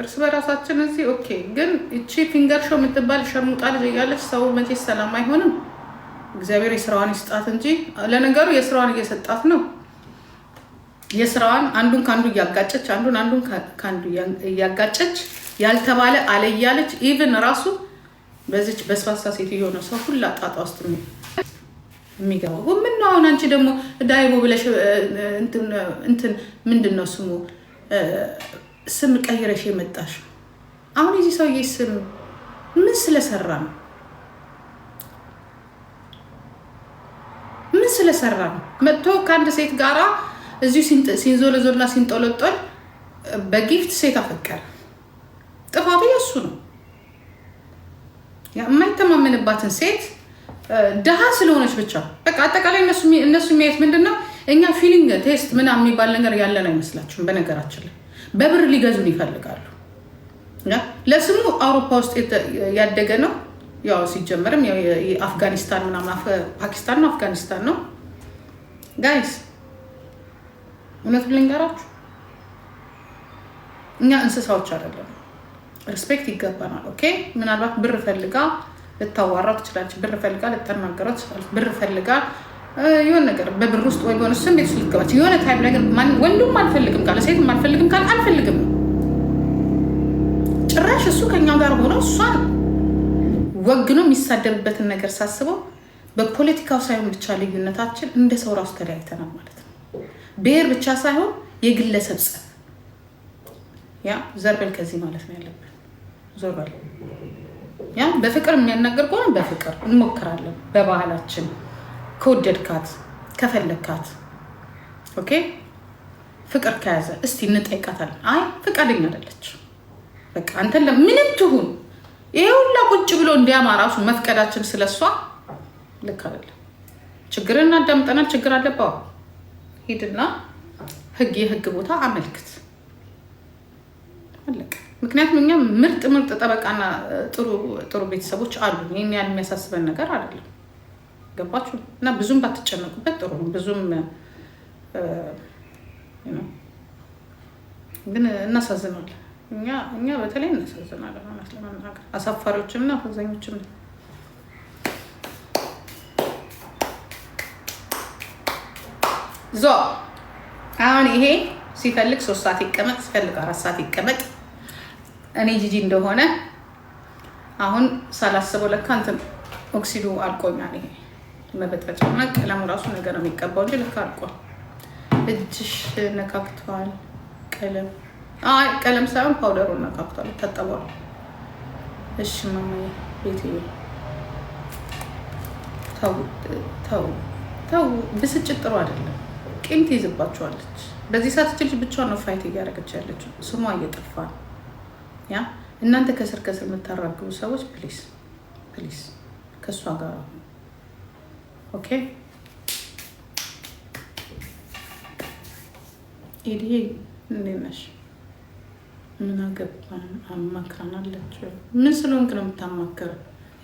እርስ በራሳችን እዚህ ኦኬ። ግን እቺ ፊንገር ሾ የምትባል ሸርሙጣ ልጅ እያለች ሰው መቼ ሰላም አይሆንም። እግዚአብሔር የስራዋን ይስጣት እንጂ ለነገሩ የስራዋን እየሰጣት ነው። የስራዋን አንዱን ከአንዱ እያጋጨች አንዱን አንዱን ከአንዱ እያጋጨች ያልተባለ አለ እያለች ኢቭን ራሱ በዚች በስፋሳ ሴት የሆነ ሰው ሁላ ጣጣ ውስጥ ነው የሚገባው ምን ነው? አሁን አንቺ ደግሞ ዳይቦ ብለሽ እንትን ምንድን ነው ስሙ ስም ቀይረሽ የመጣሽ አሁን የዚህ ሰውዬ ስም ምን ስለሰራ ነው? ምን ስለሰራ ነው? መጥቶ ከአንድ ሴት ጋራ እዚሁ ሲንዞለዞልና ሲንጦለጦል በጊፍት ሴት አፈቀረ። ጥፋቱ የሱ ነው። የማይተማመንባትን ሴት ድሃ ስለሆነች ብቻ በቃ አጠቃላይ እነሱ የሚያየት ምንድነው? እኛ ፊሊንግ ቴስት ምናምን የሚባል ነገር ያለን አይመስላችሁም በነገራችን ላይ በብር ሊገዙን ይፈልጋሉ። ለስሙ አውሮፓ ውስጥ ያደገ ነው። ያው ሲጀመርም አፍጋኒስታን ምናምን ፓኪስታን ነው አፍጋኒስታን ነው። ጋይስ እውነቱን ልንገራችሁ፣ እኛ እንስሳዎች አይደለም። ሪስፔክት ይገባናል። ኦኬ ምናልባት ብር ፈልጋ ልታዋራ ትችላለች። ብር ፈልጋ ልታናገረው ትችላለች። ብር ፈልጋ የሆነ ነገር በብር ውስጥ ወይ በሆነ ስም ቤት ውስጥ ልትገባቸው የሆነ ታይም ላይ ግን ወንዱም አልፈልግም ካለ ሴትም አልፈልግም ካለ አልፈልግም። ጭራሽ እሱ ከኛው ጋር ሆነው እሷን ወግኖ የሚሳደብበትን ነገር ሳስበው በፖለቲካው ሳይሆን ብቻ ልዩነታችን እንደ ሰው ራሱ ተለያይተናል ማለት ነው። ብሔር ብቻ ሳይሆን የግለሰብ ጸብ፣ ያ ዘር በል ከዚህ ማለት ነው ያለብን። ዞር በል ያ በፍቅር የሚያናገር ከሆነ በፍቅር እንሞክራለን በባህላችን ከወደድካት ከፈለግካት ኦኬ ፍቅር ከያዘ እስቲ እንጠይቃታለን። አይ ፍቃደኛ አይደለች። በቃ አንተ ምንም ትሁን ይሄ ሁላ ቁጭ ብሎ እንዲያማ ራሱ መፍቀዳችን ስለሷ ልክ አይደለም። ችግርን እናዳምጠናል። ችግር አለባ ሂድና ህግ የህግ ቦታ አመልክት። ምክንያቱም እኛ ምርጥ ምርጥ ጠበቃና ጥሩ ቤተሰቦች አሉ። ይህን ያህል የሚያሳስበን ነገር አይደለም። ገባችሁ? እና ብዙም ባትጨነቁበት ጥሩ ነው። ብዙም ግን እናሳዝናል። እኛ እኛ በተለይ እናሳዝናለን። እውነት ለመናገር አሳፋሪዎችም ና አሳዛኞችም ነው። ዞ አሁን ይሄ ሲፈልግ ሶስት ሰዓት ይቀመጥ፣ ሲፈልግ አራት ሰዓት ይቀመጥ። እኔ ጂጂ እንደሆነ አሁን ሳላስበው ለካ እንትን ኦክሲዱ አልቆኛል ይሄ መበጥበጫው እና ቀለሙ ራሱ ነገር ነው የሚቀባው እንጂ ልክ አልቋል። እጅሽ ነካክተዋል። ቀለም አይ ቀለም ሳይሆን ፓውደሩን ነካክተዋል። ይታጠበዋል። እሺ ማማዬ፣ ቤትዬ፣ ተው ተው ተው። ብስጭት ጥሩ አይደለም። ቂም ትይዝባችኋለች። በዚህ ሰዓት ችልጅ ብቻዋን ነው ፋይት እያደረገች ያለችው። ስሟ እየጠፋ ነው። ያ እናንተ ከስር ከስር የምታራግቡ ሰዎች ፕሊስ ፕሊስ ከእሷ ጋር ఓకే ምን ምን ስለሆንክ ነው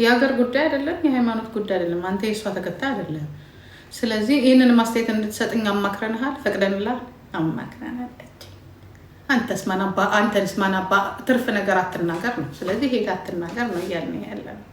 የሀገር ጉዳይ አይደለም፣ የሃይማኖት ጉዳይ አይደለም። አንተ የእሷ ተከታይ አይደለም። ስለዚህ ይህንን ማስተያየት እንድትሰጥኝ አማክረንሃል፣ ፈቅደንላል። አማክረን ትርፍ ነገር አትናገር ነው። ስለዚህ አትናገር ነው እያልን ያለ ነው።